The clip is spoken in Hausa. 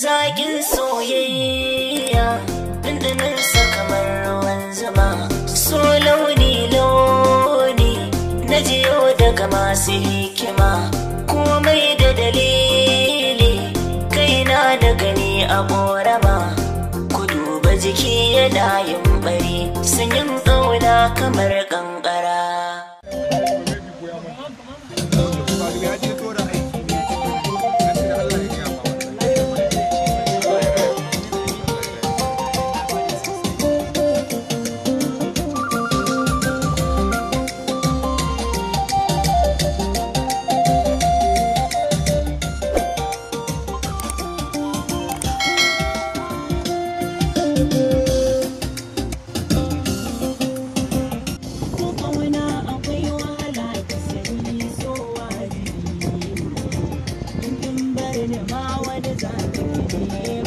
Zagin soyayya, ɗanɗanarsa kamar ruwan zuma. so launi-launi na jiyo daga masu hikima, komai da dalili, kaina da gani a ƙorama, ku duba jiki yana yin bari, sanyin ƙauna kamar ƙanƙara. Thank you.